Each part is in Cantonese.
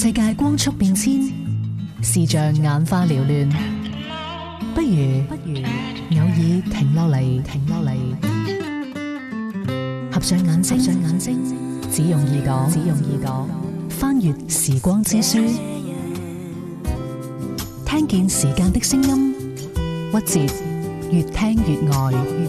世界光速變遷，視像眼花撩亂，不如，不如偶爾停落嚟，停落嚟合上眼睛，合上眼睛，只用耳朵，只用耳朵，翻閱時光之書，yeah, yeah. 聽見時間的聲音，鬱折，越聽越愛。越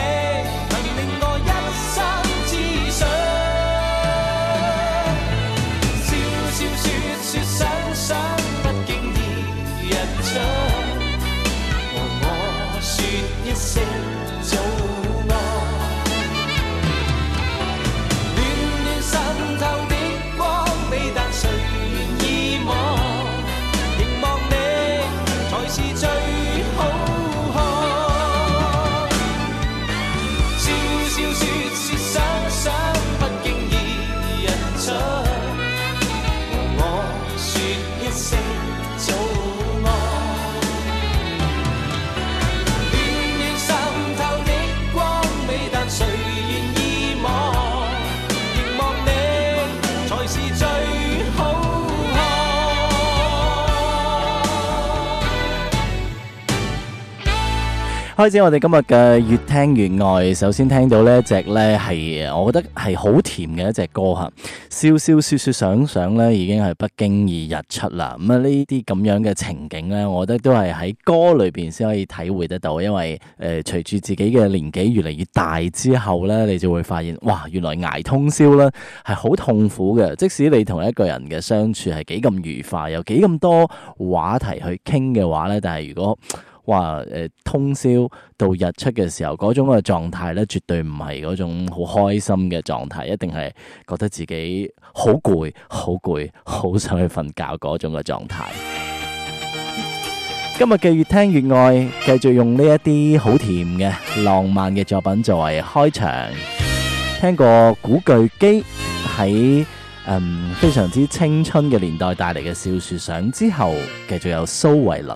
開始我哋今日嘅越聽越愛，首先聽到呢隻呢，係，我覺得係好甜嘅一隻歌吓。笑笑、說說、想想呢，已經係不經意日出啦。咁啊，呢啲咁樣嘅情景呢，我覺得都係喺歌裏邊先可以體會得到。因為誒，隨住自己嘅年紀越嚟越大之後呢，你就會發現哇，原來捱通宵呢係好痛苦嘅。即使你同一個人嘅相處係幾咁愉快，有幾咁多話題去傾嘅話呢，但係如果話誒，通宵到日出嘅時候，嗰種嘅狀態呢，絕對唔係嗰種好開心嘅狀態，一定係覺得自己好攰，好攰，好想去瞓覺嗰種嘅狀態。 今日嘅越聽越愛，繼續用呢一啲好甜嘅浪漫嘅作品作為開場。聽過古巨基喺嗯非常之青春嘅年代帶嚟嘅《小說上》之後，繼續有蘇慧倫。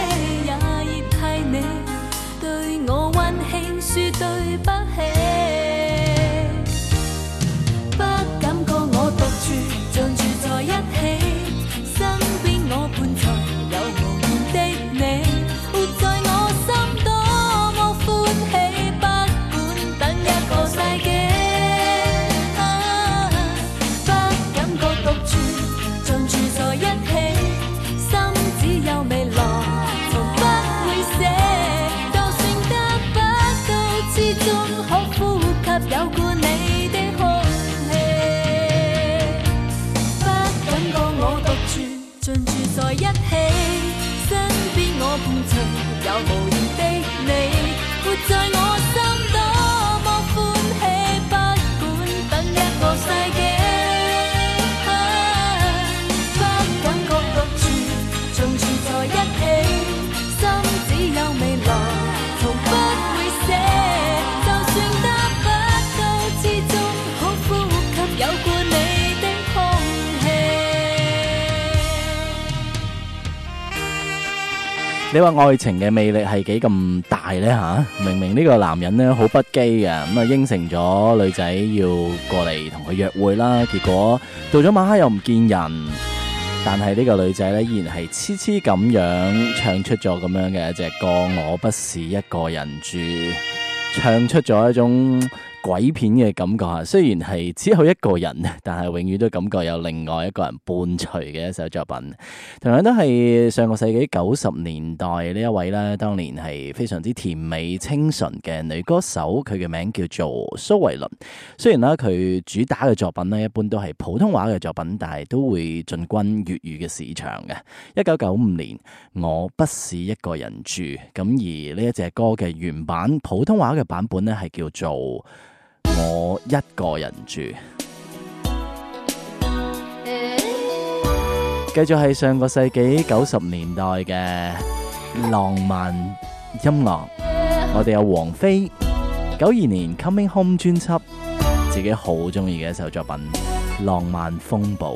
你話愛情嘅魅力係幾咁大呢？吓？明明呢個男人呢好不羈嘅，咁啊應承咗女仔要過嚟同佢約會啦，結果到咗晚黑又唔見人，但係呢個女仔呢依然係痴痴咁樣唱出咗咁樣嘅一隻歌，我不是一個人住，唱出咗一種。鬼片嘅感覺嚇，雖然係只有一個人，但係永遠都感覺有另外一個人伴隨嘅一首作品。同樣都係上個世紀九十年代，呢一位咧，當年係非常之甜美清純嘅女歌手，佢嘅名叫做蘇慧倫。雖然咧佢主打嘅作品呢，一般都係普通話嘅作品，但係都會進軍粵語嘅市場嘅。一九九五年，我不是一個人住。咁而呢一隻歌嘅原版普通話嘅版本呢，係叫做。我一個人住，繼續係上個世紀九十年代嘅浪漫音樂。我哋有王菲九二年 Coming Home 專輯，自己好中意嘅一首作品《浪漫風暴》。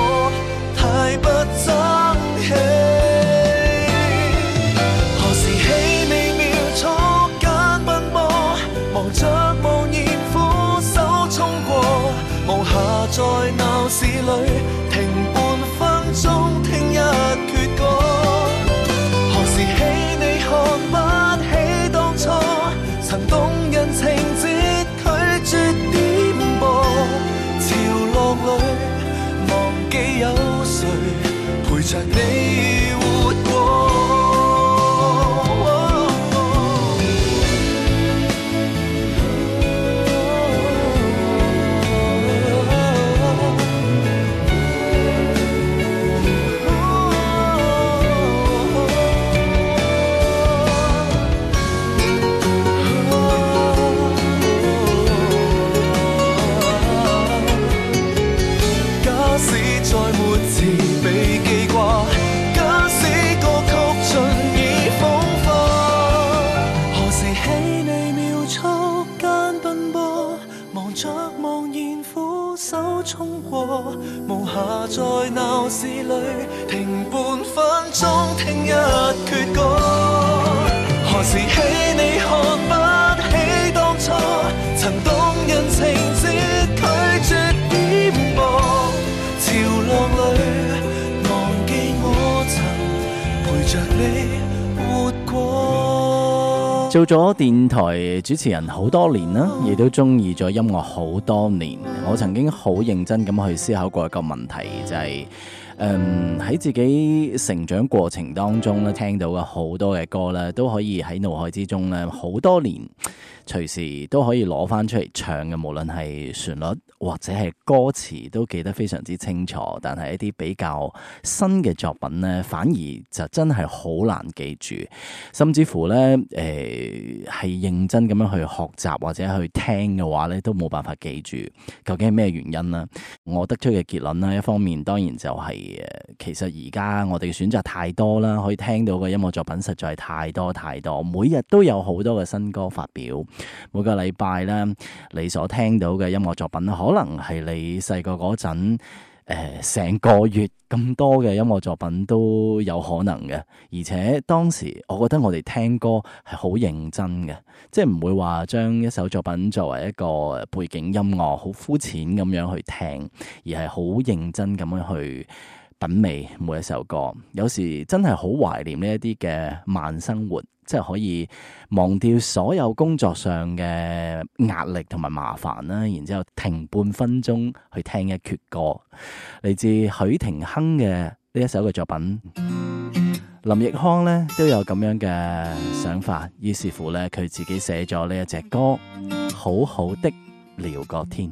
停半分鐘，聽一闋歌。何時起，你看不起當初，曾動人情節拒絕點播？潮浪裏，忘記我曾陪著你活過。做咗電台主持人好多年啦，亦都中意咗音樂好多年。我曾經好認真咁去思考過一個問題，就係。嗯，喺自己成長過程當中咧，聽到嘅好多嘅歌咧，都可以喺腦海之中咧，好多年。隨時都可以攞翻出嚟唱嘅，無論係旋律或者係歌詞都記得非常之清楚。但係一啲比較新嘅作品咧，反而就真係好難記住，甚至乎咧，呃、係認真咁樣去學習或者去聽嘅話咧，都冇辦法記住，究竟係咩原因啦。我得出嘅結論啦，一方面當然就係、誒、其實而家我哋嘅選擇太多啦，可以聽到嘅音樂作品實在係太多太多，每日都有好多嘅新歌發表。每個禮拜咧，你所聽到嘅音樂作品，可能係你細個嗰陣，誒，成個月咁多嘅音樂作品都有可能嘅。而且當時，我覺得我哋聽歌係好認真嘅，即係唔會話將一首作品作為一個背景音樂，好膚淺咁樣去聽，而係好認真咁樣去。品味每一首歌，有時真係好懷念呢一啲嘅慢生活，即係可以忘掉所有工作上嘅壓力同埋麻煩啦。然之後停半分鐘去聽一闕歌，嚟自許廷鏗嘅呢一首嘅作品。林奕康咧都有咁樣嘅想法，於是乎咧佢自己寫咗呢一隻歌， 好好的聊個天。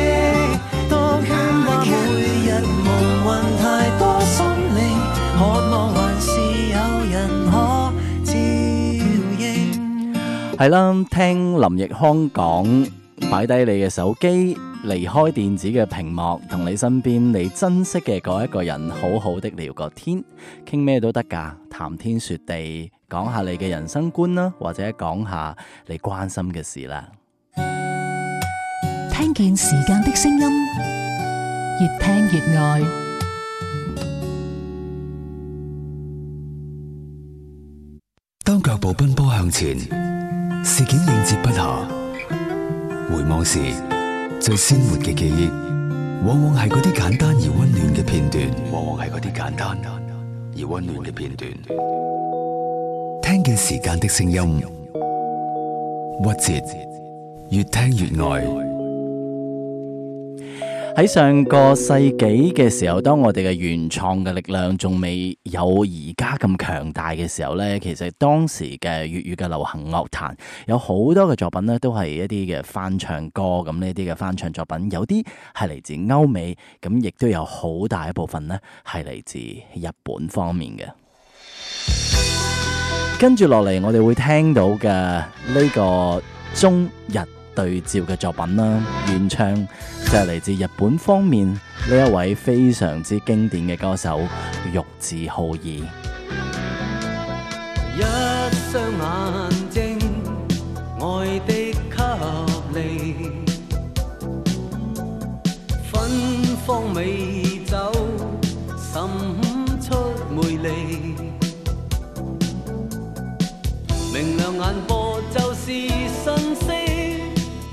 係啦，聽林奕匡講，擺低你嘅手機，離開電子嘅屏幕，同你身邊你珍惜嘅嗰一個人，好好的聊個天，傾咩都得噶，談天說地，講下你嘅人生觀啦，或者講下你關心嘅事啦。聽見時間的聲音，越聽越愛。當腳步奔波向前。事件應接不暇，回望時最鮮活嘅記憶，往往係嗰啲簡單而溫暖嘅片段。往往係啲簡單而溫暖嘅片段。聽見時間的聲音，曲折越聽越愛。喺上個世紀嘅時候，當我哋嘅原創嘅力量仲未有而家咁強大嘅時候呢，其實當時嘅粵語嘅流行樂壇有好多嘅作品呢，都係一啲嘅翻唱歌。咁，呢啲嘅翻唱作品，有啲係嚟自歐美，咁亦都有好大一部分呢係嚟自日本方面嘅。跟住落嚟，我哋會聽到嘅呢個中日。對照嘅作品啦，原唱就係嚟自日本方面呢一位非常之經典嘅歌手玉置浩二。一雙眼睛，愛的給力，芬芳美酒滲出魅力，明亮眼波就是訊息。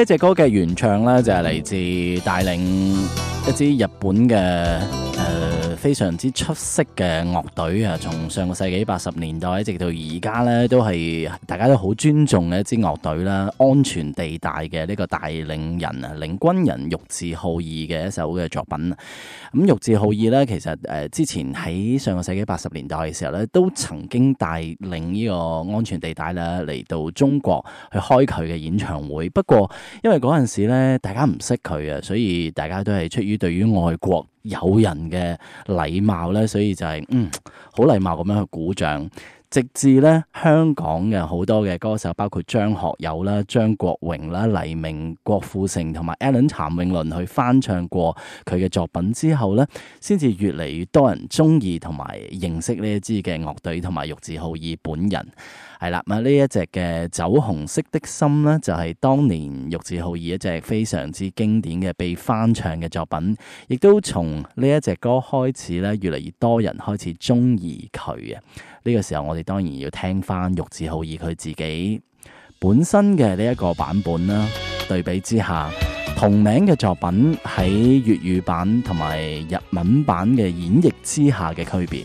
呢隻歌嘅原唱咧就係嚟自帶領一支日本嘅。非常之出色嘅樂隊啊，從上個世紀八十年代一直到而家呢都係大家都好尊重嘅一支樂隊啦。安全地帶嘅呢個帶領人啊，領軍人玉置浩二嘅一首嘅作品。咁玉置浩二呢，其實誒之前喺上個世紀八十年代嘅時候呢，都曾經帶領呢個安全地帶啦，嚟到中國去開佢嘅演唱會。不過因為嗰陣時呢，大家唔識佢啊，所以大家都係出於對於外國。友人嘅禮貌咧，所以就係、是、嗯，好禮貌咁樣去鼓掌，直至咧，香港嘅好多嘅歌手，包括張學友啦、張國榮啦、黎明、郭富城同埋 Alan 譚詠麟去翻唱過佢嘅作品之後咧，先至越嚟越多人鍾意同埋認識呢一支嘅樂隊同埋玉置浩二本人。係啦，咁呢一隻嘅酒紅色的心呢，就係、是、當年玉置浩二一隻非常之經典嘅被翻唱嘅作品，亦都從呢一隻歌開始咧，越嚟越多人開始中意佢啊。呢、這個時候我哋當然要聽翻玉置浩二佢自己本身嘅呢一個版本啦，對比之下，同名嘅作品喺粵語版同埋日文版嘅演繹之下嘅區別。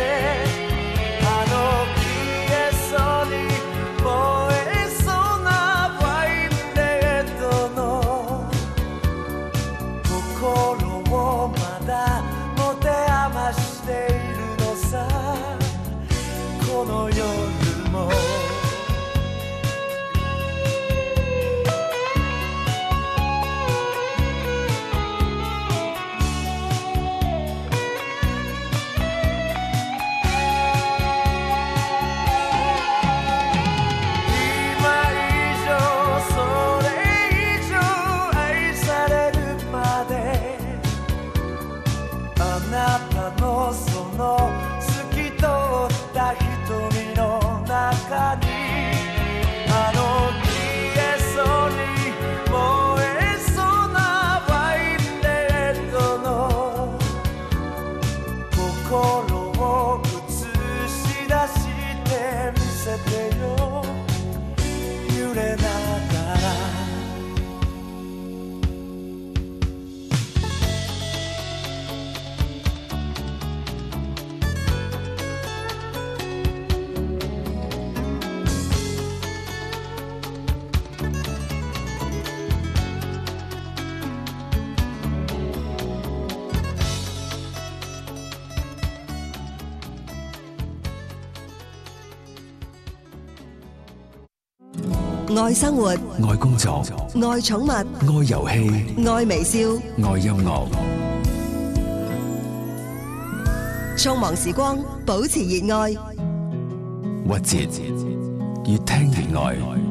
愛生活，愛工作，愛寵物，愛遊戲，愛微笑，愛音樂。匆忙時光，保持熱愛。屈折，越聽越愛。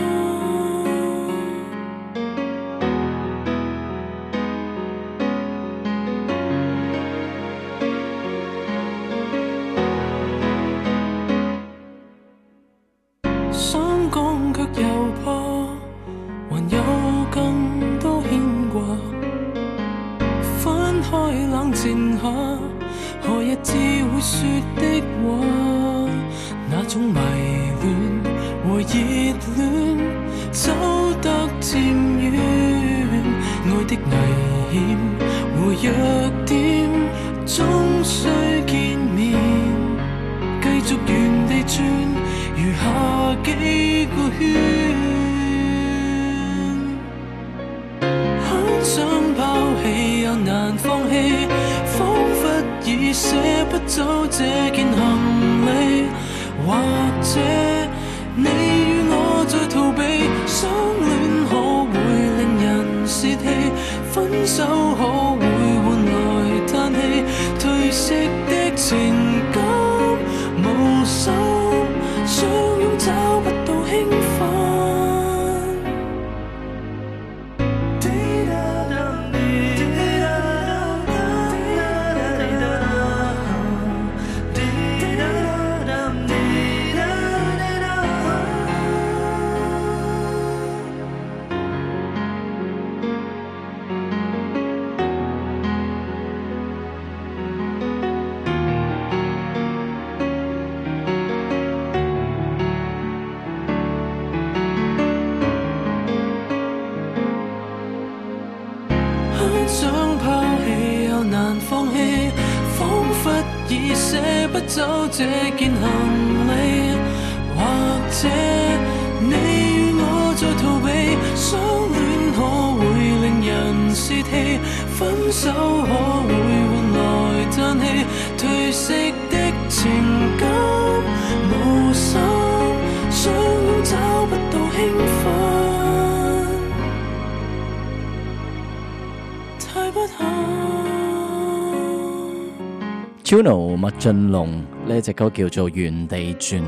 俊龍呢隻歌叫做原地《原地轉》，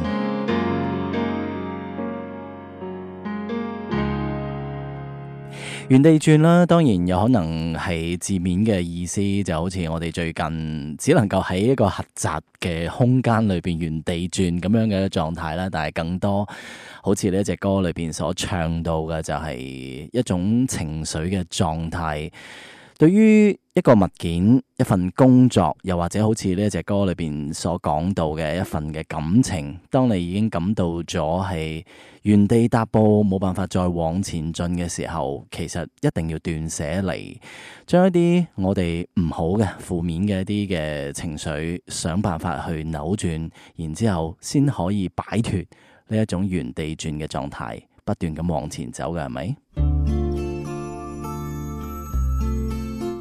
原地轉啦，當然有可能係字面嘅意思，就好似我哋最近只能夠喺一個狹窄嘅空間裏邊原地轉咁樣嘅狀態啦。但係更多好似呢隻歌裏邊所唱到嘅，就係一種情緒嘅狀態。對於一個物件、一份工作，又或者好似呢一隻歌裏邊所講到嘅一份嘅感情，當你已經感到咗係原地踏步，冇辦法再往前進嘅時候，其實一定要斷捨離，將一啲我哋唔好嘅、負面嘅一啲嘅情緒，想辦法去扭轉，然之後先可以擺脫呢一種原地轉嘅狀態，不斷咁往前走嘅，係咪？是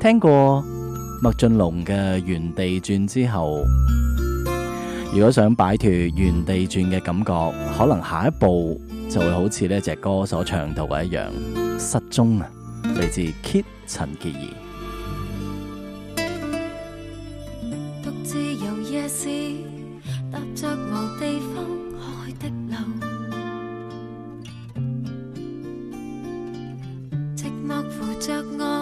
聽過麥浚龍嘅《原地轉》之後，如果想擺脫原地轉嘅感覺，可能下一步就會好似呢隻歌所唱到嘅一樣，失蹤啊！嚟自 Kit 陳潔儀。獨自遊夜市，踏着無地方可去的路，寂寞扶着我。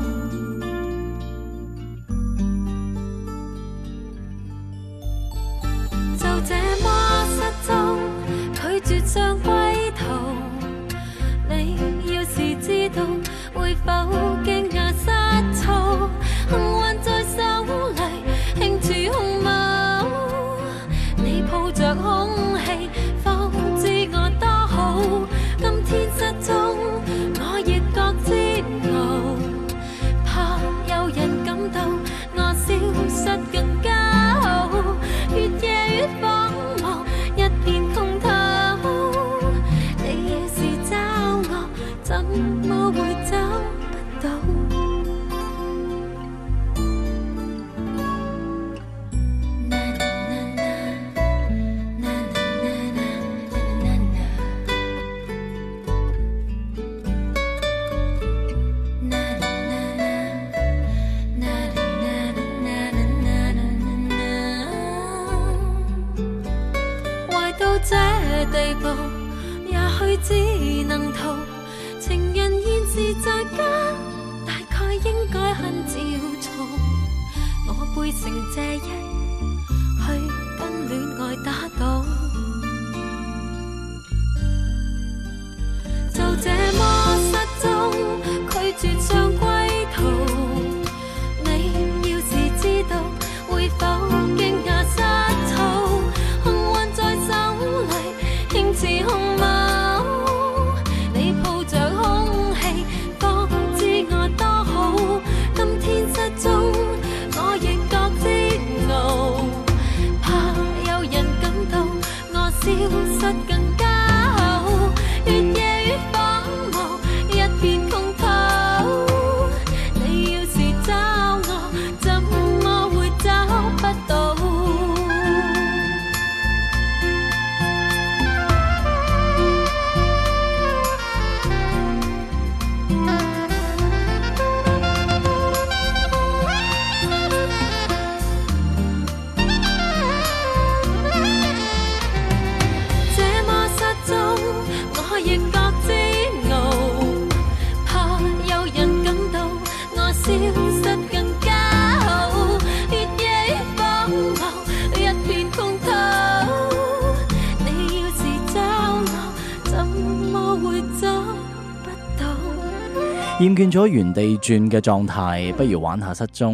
原地轉嘅狀態，不如玩下失蹤。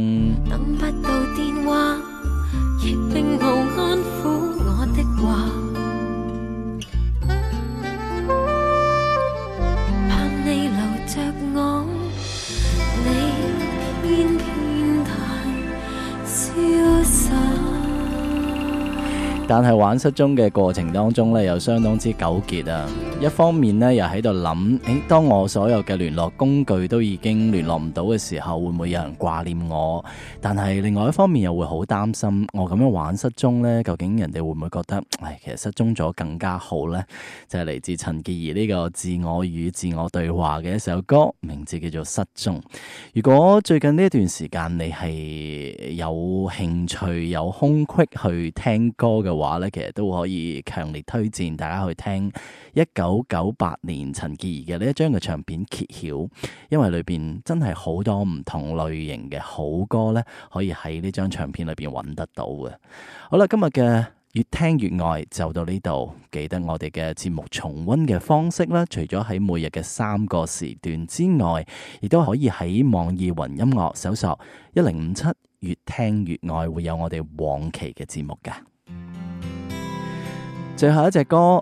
但係玩失蹤嘅過程當中呢，又相當之糾結啊！一方面呢，又喺度諗：誒，當我所有嘅聯絡工具都已經聯絡唔到嘅時候，會唔會有人掛念我？但係另外一方面又會好擔心，我咁樣玩失蹤呢，究竟人哋會唔會覺得，唉，其實失蹤咗更加好呢？就係嚟自陳潔儀呢個自我與自我對話嘅一首歌，名字叫做《失蹤》。如果最近呢段時間你係有興趣有空隙去聽歌嘅，話咧，其實都可以強烈推薦大家去聽一九九八年陳潔儀嘅呢一張嘅唱片《揭曉》，因為裏邊真係好多唔同類型嘅好歌咧，可以喺呢張唱片裏邊揾得到嘅。好啦，今日嘅越聽越愛就到呢度，記得我哋嘅節目重溫嘅方式啦，除咗喺每日嘅三個時段之外，亦都可以喺網易雲音樂搜索一零五七越聽越愛，會有我哋往期嘅節目㗎。最後一隻歌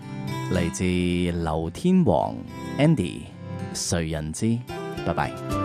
來自劉天王 Andy，誰人知？拜拜。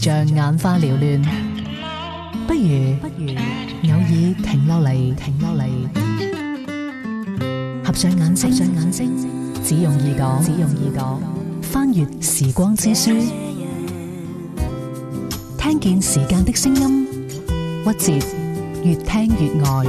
像眼花繚亂，不如不如偶爾停落嚟，停落嚟，合上眼睛，只用耳朵翻閱時光之書，聽見時間的聲音，屈折越聽越愛。